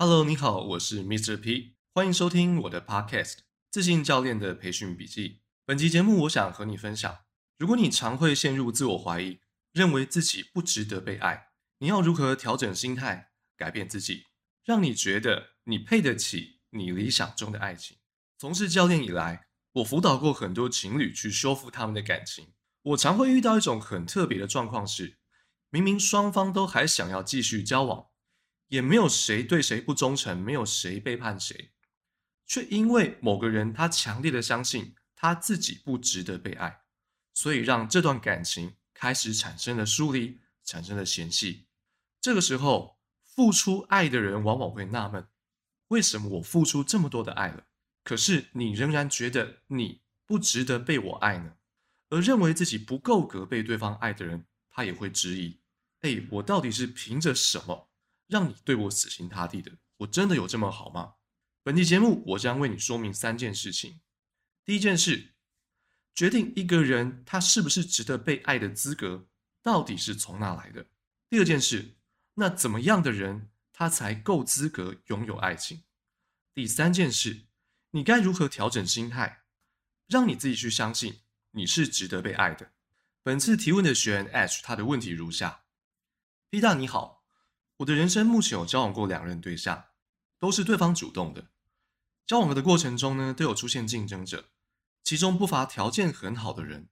Hello，你好，我是 Mr. P，歡迎收聽我的 podcast 自信教練的培訓筆記。本期節目，我想和你分享：如果你常會陷入自我懷疑，認為自己不值得被愛，你要如何調整心態，改變自己，讓你覺得你配得起你理想中的愛情？從事教練以來，我輔導過很多情侶去修復他們的感情。我常會遇到一種很特別的狀況是，明明雙方都還想要繼續交往。也沒有誰對誰不忠誠，沒有誰背叛誰，卻因為某個人他強烈的相信他自己不值得被愛，所以讓這段感情開始產生了疏離，產生了嫌隙。這個時候，付出愛的人往往會納悶，為什麼我付出這麼多的愛了，可是你仍然覺得你不值得被我愛呢？而認為自己不夠格被對方愛的人，他也會質疑，欸，我到底是憑着什麼？讓你對我死心塌地的，我真的有這麼好嗎？本期節目，我將為你說明三件事情。第一件事，決定一個人他是不是值得被愛的資格，到底是從哪來的？第二件事，那怎麼樣的人，他才夠資格擁有愛情？第三件事，你該如何調整心態，讓你自己去相信你是值得被愛的？本次提問的學員 H，他的問題如下：P 大你好。我的人生目前有交往過兩任對象，都是對方主動的。交往的的過程中呢，都有出現競爭者，其中不乏條件很好的人。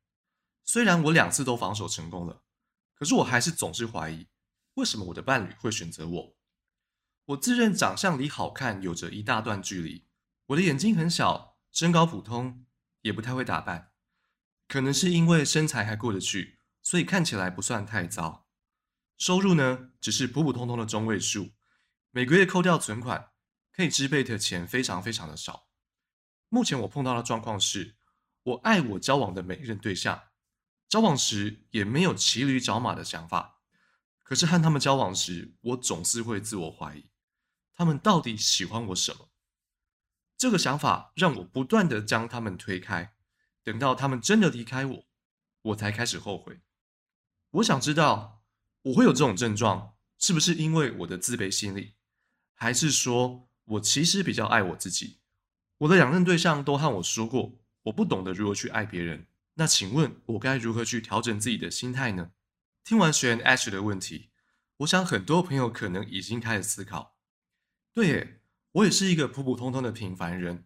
雖然我兩次都防守成功了，可是我還是總是懷疑，為什麼我的伴侶會選擇我？我自認長相離好看有着一大段距離，我的眼睛很小，身高普通，也不太會打扮。可能是因為身材還過得去，所以看起來不算太糟。收入呢，只是普普通通的中位數，每個月扣掉存款可以支配的錢非常非常的少。目前我碰到的狀況是，我愛我交往的每一任對象，交往時也沒有騎驢找馬的想法，可是和他們交往時，我總是會自我懷疑，他們到底喜歡我什麼？這個想法讓我不斷地將他們推開，等到他們真的離開我，我才開始後悔。我想知道，我會有這種症狀，是不是因為我的自卑心理，還是說我其實比較愛我自己？我的兩任對象都和我說過，我不懂得如何去愛別人。那請問，我該如何去調整自己的心態呢？聽完學員 Ash 的問題，我想很多朋友可能已經開始思考：對耶，我也是一個普普通通的平凡人，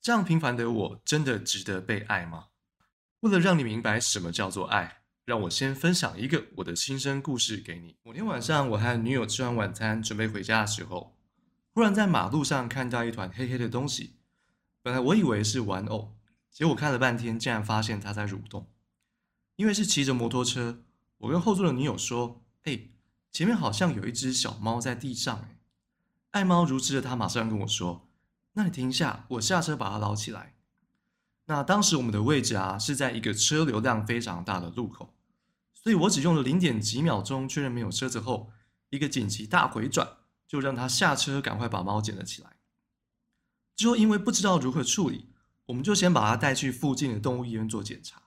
這樣平凡的我真的值得被愛嗎？為了讓你明白什麼叫做愛。讓我先分享一個我的親身故事給你。某天晚上，我和女友吃完晚餐，準備回家的時候，忽然在馬路上看到一團黑黑的東西。本來我以為是玩偶，結果看了半天，竟然發現它在蠕動。因為是騎着摩托車，我跟後座的女友說：“哎、欸，前面好像有一隻小貓在地上。”哎，愛貓如痴的她馬上跟我說：“那你停一下，我下車把它撈起來。”那當時我們的位置啊，是在一個車流量非常大的路口。所以我只用了零點幾秒鐘確認沒有車子後，一個緊急大回轉就讓他下車，趕快把貓撿了起來。之後因為不知道如何處理，我們就先把它帶去附近的動物醫院做檢查。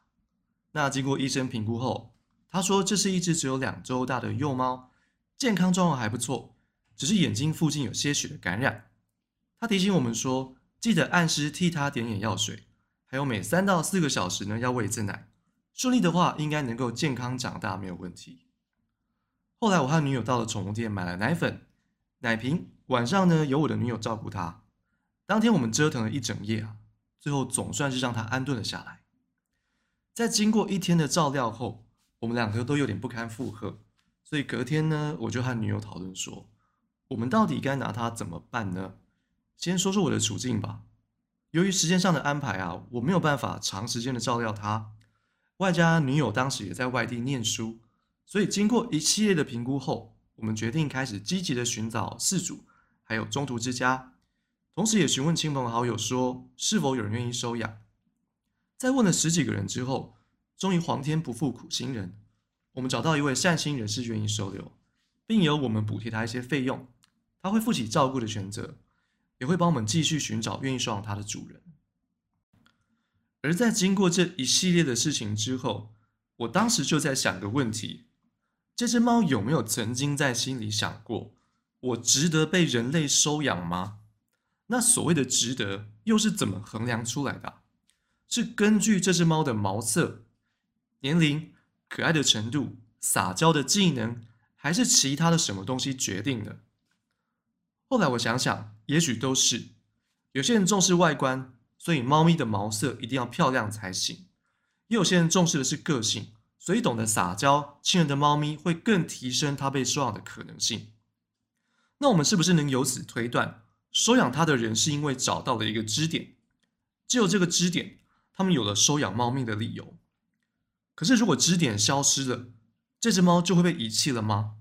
那經過醫生評估後，他說這是一只只有兩周大的幼貓，健康狀況還不錯，只是眼睛附近有些許的感染。他提醒我們說，記得按時替它點眼藥水，還有每三到四個小時呢要餵一次奶。順利的話，應該能夠健康長大，沒有問題。後來我和女友到了寵物店，買了奶粉、奶瓶。晚上呢，由我的女友照顧她。當天我們折騰了一整夜啊，最後總算是讓她安頓了下來。在經過一天的照料後，我們兩個都有點不堪負荷，所以隔天呢，我就和女友討論說，我們到底該拿她怎麼辦呢？先說說我的處境吧。由於時間上的安排啊，我沒有辦法長時間的照料她。外加女友當時也在外地念書，所以經過一系列的評估後，我們決定開始積極的尋找飼主，還有中途之家，同時也詢問親朋好友，說是否有人願意收養。在問了十幾個人之後，終於皇天不負苦心人，我們找到一位善心人士願意收留，並由我們補貼他一些費用，他會負起照顧的全責，也會幫我們繼續尋找願意收養他的主人。而在經過這一系列的事情之後，我當時就在想個問題：這隻貓有沒有曾經在心裡想過，我值得被人類收養嗎？那所謂的“值得”又是怎麼衡量出來的？是根據這隻貓的毛色、年齡、可愛的程度、撒嬌的技能，還是其他的什麼東西決定的？後來我想想，也許都是。有些人重視外觀。所以，貓咪的毛色一定要漂亮才行。也有些人重視的是個性，所以懂得撒嬌、親人的貓咪會更提升它被收養的可能性。那我們是不是能由此推斷，收養它的人是因為找到了一個支點？只有這個支點，他們有了收養貓咪的理由。可是，如果支點消失了，這只貓就會被遺棄了嗎？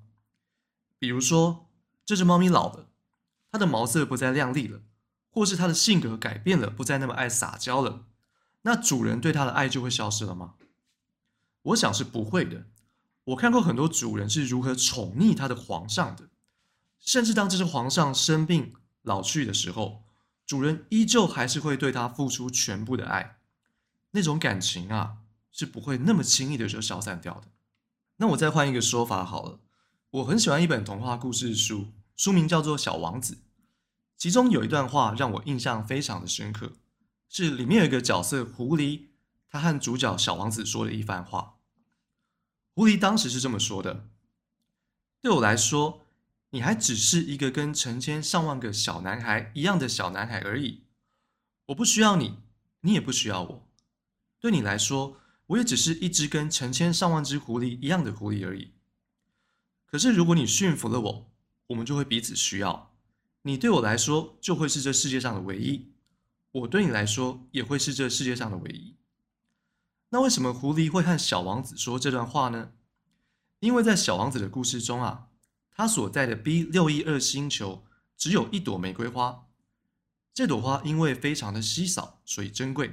比如說，這只貓咪老了，它的毛色不再亮麗了。或是他的性格改變了，不再那麼愛撒嬌了，那主人對他的愛就會消失了嗎？我想是不會的。我看過很多主人是如何寵溺他的皇上的，甚至當這隻皇上生病老去的時候，主人依舊還是會對他付出全部的愛。那種感情啊，是不會那麼輕易的就消散掉的。那我再換一個說法好了，我很喜歡一本童話故事書，書名叫做《小王子》。其中有一段話讓我印象非常的深刻，是裡面有一個角色狐狸，他和主角小王子說的一番話。狐狸當時是這麼說的：“對我來說，你還只是一個跟成千上萬個小男孩一樣的小男孩而已，我不需要你，你也不需要我。對你來說，我也只是一只跟成千上萬只狐狸一樣的狐狸而已。可是如果你馴服了我，我們就會彼此需要。”你對我來說就會是這世界上的唯一，我對你來說也會是這世界上的唯一。那為什麼狐狸會和小王子說這段話呢？因為在小王子的故事中啊，他所在的 B612 星球只有一朵玫瑰花，這朵花因為非常的稀少，所以珍貴。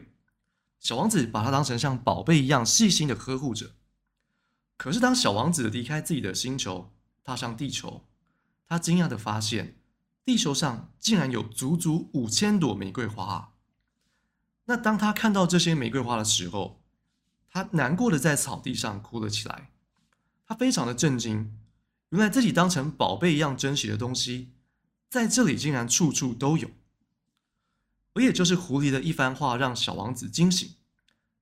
小王子把它當成像寶貝一樣細心的呵護着。可是當小王子離開自己的星球，踏上地球，他驚訝的發現。地球上竟然有足足五千朵玫瑰花啊，那當他看到這些玫瑰花的時候，他難過的在草地上哭了起來。他非常的震驚，原來自己當成寶貝一樣珍惜的東西，在這裡竟然處處都有。而也就是狐狸的一番話，讓小王子驚醒，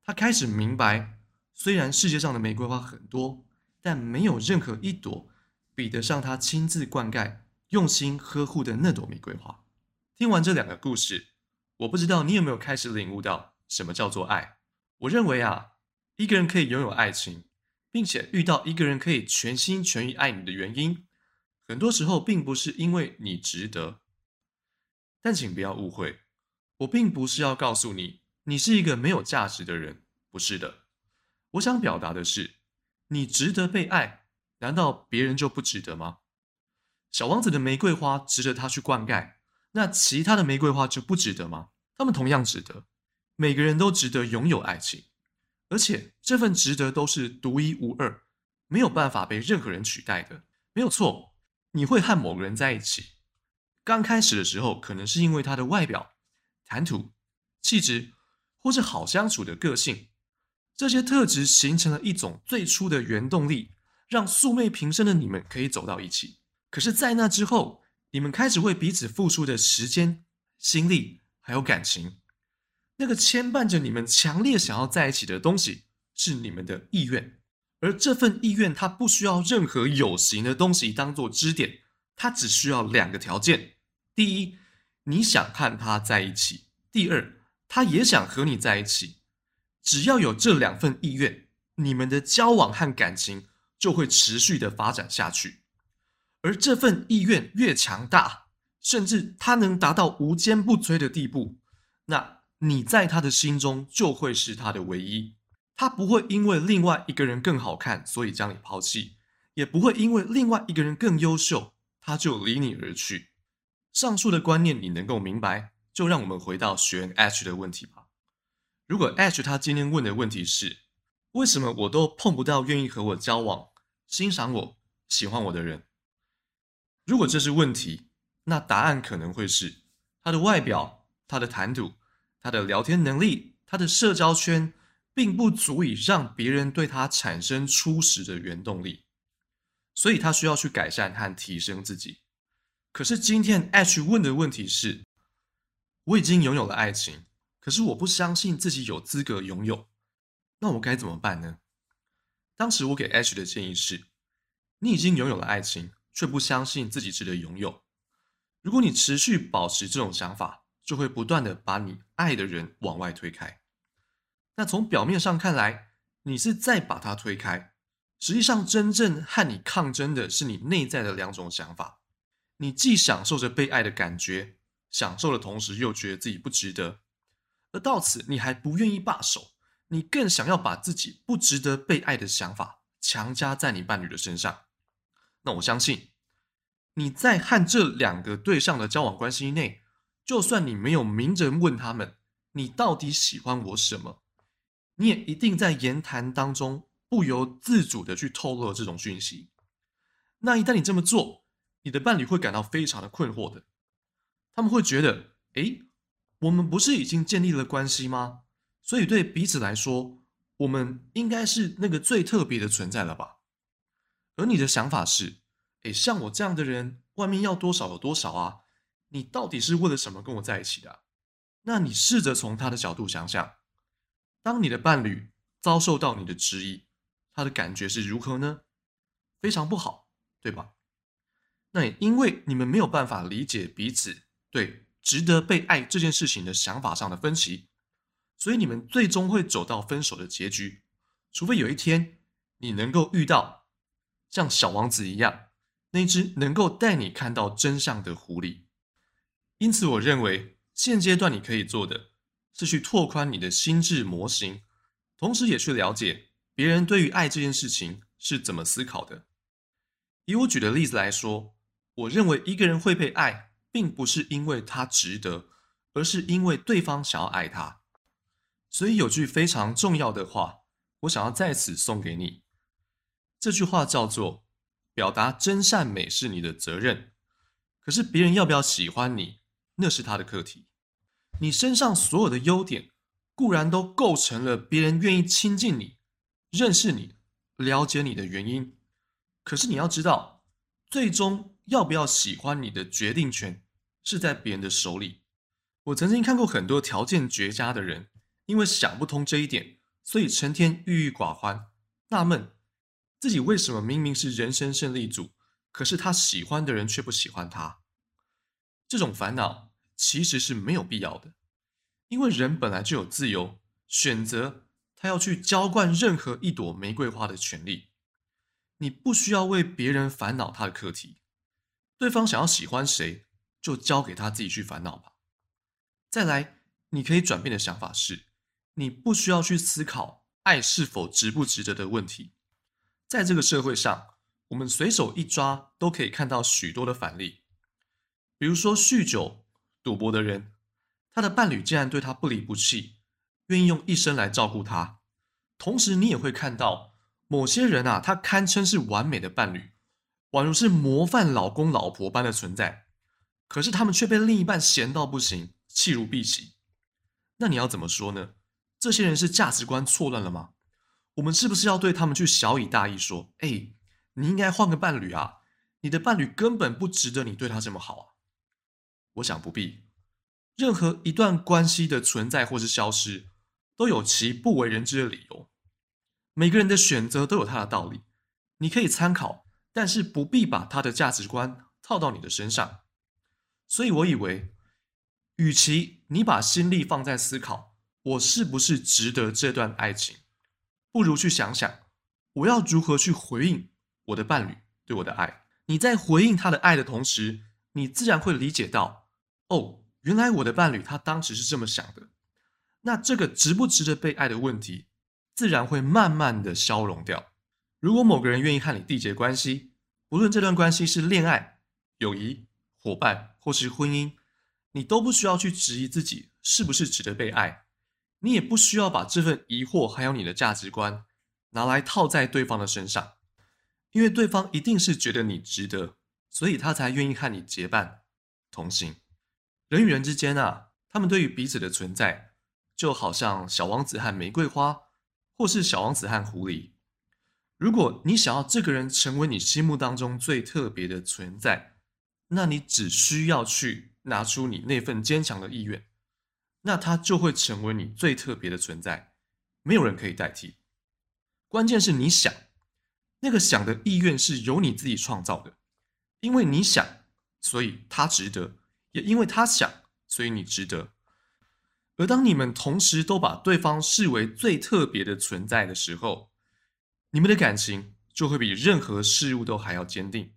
他開始明白，雖然世界上的玫瑰花很多，但沒有任何一朵比得上他親自灌溉。用心呵護的那朵玫瑰花。聽完這兩個故事，我不知道你有沒有開始領悟到什麼叫做愛。我認為啊，一個人可以擁有愛情，並且遇到一個人可以全心全意愛你的原因，很多時候並不是因為你值得。但請不要誤會，我並不是要告訴你，你是一個沒有價值的人，不是的。我想表達的是，你值得被愛，難道別人就不值得嗎？小王子的玫瑰花值得他去灌溉，那其他的玫瑰花就不值得嗎？他們同樣值得，每個人都值得擁有愛情，而且這份值得都是獨一無二，沒有辦法被任何人取代的。沒有錯，你會和某個人在一起，剛開始的時候，可能是因為他的外表、談吐、氣質，或是好相處的個性，這些特質形成了一種最初的原動力，讓素昧平生的你們可以走到一起。可是，在那之後，你們開始為彼此付出的時間、心力，還有感情，那個牽絆着你們強烈想要在一起的東西，是你們的意願。而這份意願，它不需要任何有形的東西當做支點，它只需要兩個條件：第一，你想和他在一起；第二，他也想和你在一起。只要有這兩份意願，你們的交往和感情就會持續的發展下去。而這份意願越強大，甚至他能達到無堅不摧的地步，那你在他的心中就會是他的唯一。他不會因為另外一個人更好看，所以將你拋棄；也不會因為另外一個人更優秀，他就離你而去。上述的觀念你能夠明白，就讓我們回到學員 H 的問題吧。如果 H 他今天問的問題是，為什麼我都碰不到願意和我交往、欣賞我、喜歡我的人？如果這是問題，那答案可能會是他的外表、他的談吐、他的聊天能力、他的社交圈，並不足以讓別人對他產生初始的原動力，所以他需要去改善和提升自己。可是今天 H 問的問題是：我已經擁有了愛情，可是我不相信自己有資格擁有，那我該怎麼辦呢？當時我給 H 的建議是：你已經擁有了愛情。卻不相信自己值得擁有。如果你持續保持這種想法，就會不斷的把你愛的人往外推開。那從表面上看來，你是在把他推開，實際上真正和你抗爭的是你內在的兩種想法。你既享受着被愛的感覺，享受的同時又覺得自己不值得，而到此你還不願意罷手，你更想要把自己不值得被愛的想法強加在你伴侶的身上。那我相信你在和這兩個對象的交往關係內，就算你沒有明着問他們你到底喜歡我什麼，你也一定在言談當中不由自主的去透露這種訊息。那一旦你這麼做，你的伴侶會感到非常的困惑的，他們會覺得，誒，我們不是已經建立了關係嗎？所以對彼此來說，我們應該是那個最特別的存在了吧？而你的想法是，誒，像我這樣的人，外面要多少有多少啊！你到底是為了什麼跟我在一起的？那你試着從他的角度想想，當你的伴侶遭受到你的質疑，他的感覺是如何呢？非常不好，對吧？那也因為你們沒有辦法理解彼此對值得被愛這件事情的想法上的分歧，所以你們最終會走到分手的結局。除非有一天你能夠遇到。像小王子一樣，那隻能夠帶你看到真相的狐狸。因此，我認為現階段你可以做的，是去拓寬你的心智模型，同時也去了解別人對於愛這件事情是怎麼思考的。以我舉的例子來說，我認為一個人會被愛，並不是因為他值得，而是因為對方想要愛他。所以有句非常重要的話，我想要在此送給你。這句話叫做：“表達真善美是你的責任，可是別人要不要喜歡你，那是他的課題。你身上所有的優點固然都構成了別人願意親近你、認識你、了解你的原因，可是你要知道，最終要不要喜歡你的決定權是在別人的手裡。我曾經看過很多條件絕佳的人，因為想不通這一點，所以成天鬱鬱寡歡，納悶。”自己為什麼明明是人生勝利組，可是他喜歡的人卻不喜歡他？這種煩惱其實是沒有必要的，因為人本來就有自由選擇他要去澆灌任何一朵玫瑰花的權利。你不需要為別人煩惱他的課題，對方想要喜歡誰，就交給他自己去煩惱吧。再來，你可以轉變的想法是，你不需要去思考愛是否值不值得的問題。在這個社會上，我們隨手一抓都可以看到許多的反例，比如說酗酒、賭博的人，他的伴侶竟然對他不離不棄，願意用一生來照顧他。同時，你也會看到某些人啊，他堪稱是完美的伴侶，宛如是模範老公老婆般的存在，可是他們卻被另一半嫌到不行，棄如敝屣。那你要怎麼說呢？這些人是價值觀錯亂了嗎？我們是不是要對他們去曉以大義說：“哎，你應該換個伴侶啊！你的伴侶根本不值得你對他這麼好啊！”我想不必。任何一段關係的存在或是消失，都有其不為人知的理由。每個人的選擇都有他的道理，你可以參考，但是不必把他的價值觀套到你的身上。所以，我以為，與其你把心力放在思考我是不是值得這段愛情，不如去想想，我要如何去回應我的伴侶對我的愛。你在回應他的愛的同時，你自然會理解到，哦，原來我的伴侶他當時是這麼想的。那這個值不值得被愛的問題，自然會慢慢的消融掉。如果某個人願意和你締結關係，不論這段關係是戀愛、友誼、夥伴或是婚姻，你都不需要去質疑自己是不是值得被愛。你也不需要把這份疑惑還有你的價值觀拿來套在對方的身上，因為對方一定是覺得你值得，所以他才願意和你結伴同行。人與人之間啊，他們對於彼此的存在，就好像小王子和玫瑰花，或是小王子和狐狸。如果你想要這個人成為你心目當中最特別的存在，那你只需要去拿出你那份堅強的意願。那他就會成為你最特別的存在，沒有人可以代替。關鍵是你想，那個想的意願是由你自己創造的，因為你想，所以他值得；也因為他想，所以你值得。而當你們同時都把對方視為最特別的存在的時候，你們的感情就會比任何事物都還要堅定。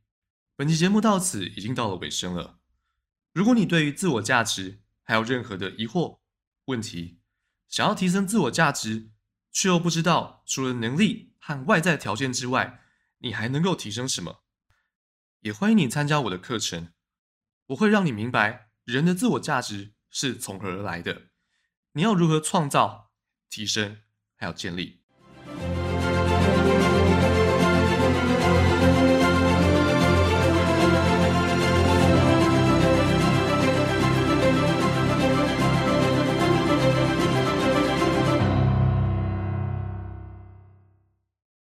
本期節目到此已經到了尾聲了。如果你對於自我價值，還有任何的疑惑問題，想要提升自我價值，卻又不知道除了能力和外在條件之外，你還能夠提升什麼？也歡迎你參加我的課程，我會讓你明白人的自我價值是從何而來的，你要如何創造、提升還有建立。